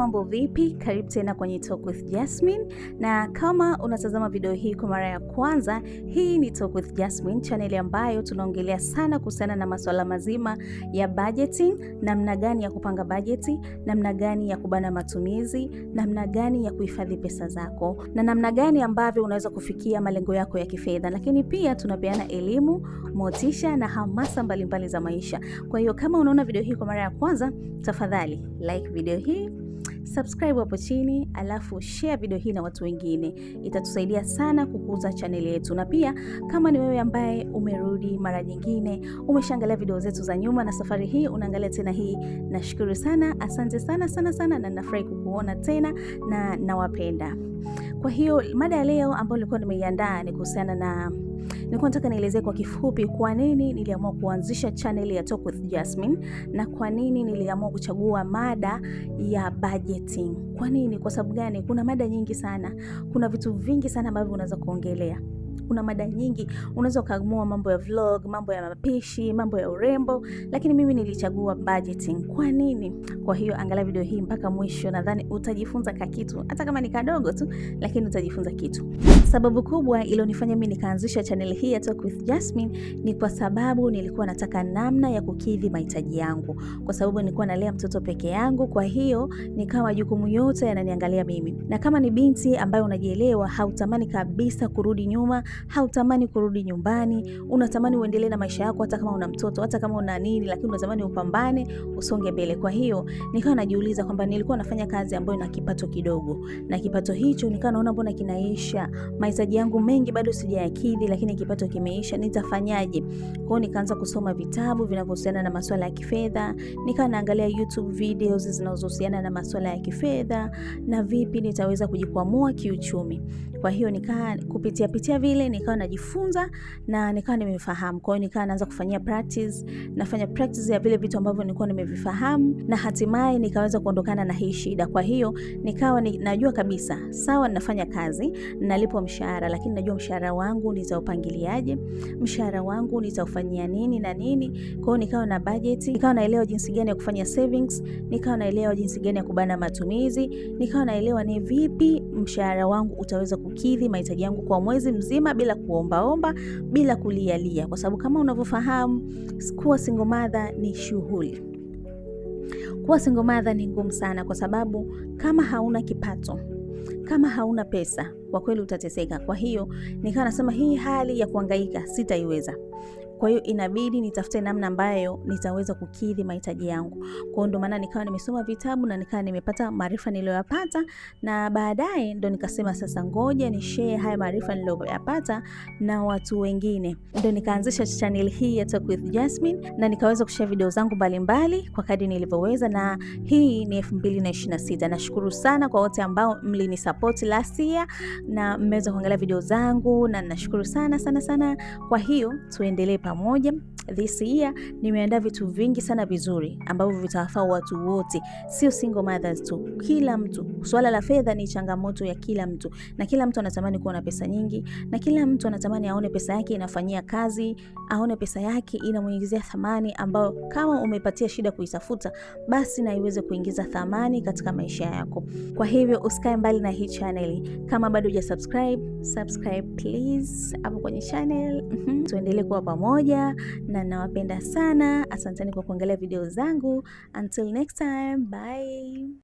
mambo vipi? Karibu tena kwenye Talk with Jasmine, na kama unatazama video hii kwa mara ya kwanza, hii ni Talk with Jasmine, channel ambayo tunaongelea sana kuhusiana na masuala mazima ya budgeting, namna gani ya kupanga bajeti, namna gani ya kubana matumizi, namna gani ya kuhifadhi pesa zako, na namna gani ambavyo unaweza kufikia malengo yako ya kifedha. Lakini pia tunapeana elimu, motisha na hamasa mbalimbali mbali za maisha. Kwa hiyo kama unaona video hii kwa mara ya kwanza, tafadhali like video hii subscribe hapo chini, alafu share video hii na watu wengine, itatusaidia sana kukuza chaneli yetu. Na pia kama ni wewe ambaye umerudi mara nyingine, umeshaangalia video zetu za nyuma na safari hii unaangalia tena hii, nashukuru sana, asante sana sana sana, na nafurahi kukuona tena na nawapenda. Kwa hiyo mada ya leo ambayo nilikuwa nimeiandaa ni kuhusiana na Nilikuwa nataka nielezee kwa kifupi kwa nini niliamua kuanzisha channel ya Talk with Jasmine na kwa nini niliamua kuchagua mada ya budgeting. Kwa nini? Kwa sababu gani? Kuna mada nyingi sana, kuna vitu vingi sana ambavyo unaweza kuongelea una mada nyingi, unaweza ukaamua mambo ya vlog, mambo ya mapishi, mambo ya urembo, lakini mimi nilichagua budgeting. Kwa nini? Kwa hiyo angalia video hii mpaka mwisho, nadhani utajifunza ka kitu, hata kama ni kadogo tu, lakini utajifunza kitu. Sababu kubwa ilionifanya mimi nikaanzisha channel hii ya Talk with Jasmine ni kwa sababu nilikuwa nataka namna ya kukidhi mahitaji yangu, kwa sababu nilikuwa nalea mtoto peke yangu. Kwa hiyo nikawa jukumu yote yananiangalia mimi, na kama ni binti ambayo unajielewa, hautamani kabisa kurudi nyuma hautamani kurudi nyumbani, unatamani uendelee na maisha yako, hata kama una mtoto, hata kama una nini, lakini unatamani upambane, usonge mbele. Kwa hiyo nikawa najiuliza kwamba nilikuwa nafanya kazi ambayo na kipato kidogo, na kipato hicho nikawa naona mbona kinaisha, mahitaji yangu mengi bado sijayakidhi, lakini kipato kimeisha, nitafanyaje? Kwa hiyo nikaanza kusoma vitabu vinavyohusiana na masuala ya kifedha, nikawa naangalia YouTube videos zinazohusiana na masuala ya kifedha na vipi nitaweza kujikwamua kiuchumi. Kwa hiyo nikaa kupitia pitia vile nikawa najifunza na nikawa nimefahamu. Kwa hiyo nikawa naanza kufanyia practice, nafanya practice ya vile vitu ambavyo nilikuwa nimevifahamu na hatimaye nikaweza kuondokana na hii shida. Kwa hiyo nikawa ni, najua kabisa sawa, ninafanya kazi, nalipo mshahara, lakini najua mshahara wangu nitaupangiliaje, mshahara wangu nitaufanyia nini na nini. Kwa hiyo nikawa na budget, nikawa naelewa jinsi gani ya kufanya savings, nikawa naelewa jinsi gani ya kubana matumizi, nikawa naelewa ni vipi mshahara wangu utaweza ku kukidhi mahitaji yangu kwa mwezi mzima bila kuombaomba, bila kulialia, kwa sababu kama unavyofahamu kuwa single mother ni shughuli. Kuwa single mother ni ngumu sana, kwa sababu kama hauna kipato, kama hauna pesa, kwa kweli utateseka. Kwa hiyo nikawa nasema hii hali ya kuangaika sitaiweza. Kwa hiyo inabidi nitafute namna ambayo nitaweza kukidhi mahitaji yangu. Kwa hiyo ndio maana nikawa nimesoma vitabu na nikawa nimepata maarifa niliyoyapata, na baadaye ndo nikasema sasa, ngoja ni share haya maarifa niliyoyapata na watu wengine. Ndo nikaanzisha channel hii ya Talk with Jasmine na nikaweza kushare video zangu mbalimbali kwa kadri nilivyoweza, na hii ni 2026. Nashukuru sana kwa wote ambao mlinisupport last year na mmeweza kuangalia video zangu na nashukuru sana sana sana. Kwa hiyo tuendelee pamoja this year nimeandaa vitu vingi sana vizuri ambavyo vitawafaa watu wote, sio single mothers tu, kila mtu. Swala la fedha ni changamoto ya kila mtu, na kila mtu anatamani kuwa na pesa nyingi, na kila mtu anatamani aone pesa yake inafanyia kazi, aone pesa yake inamuingizia thamani, ambayo kama umepatia shida kuitafuta, basi na iweze kuingiza thamani katika maisha yako. Kwa hivyo usikae mbali na hii channel, kama bado hujasubscribe, subscribe please hapo kwenye channel. Mhm. Tuendelee kuwa pamoja na na nawapenda sana. Asanteni kwa kuangalia video zangu. Until next time, bye.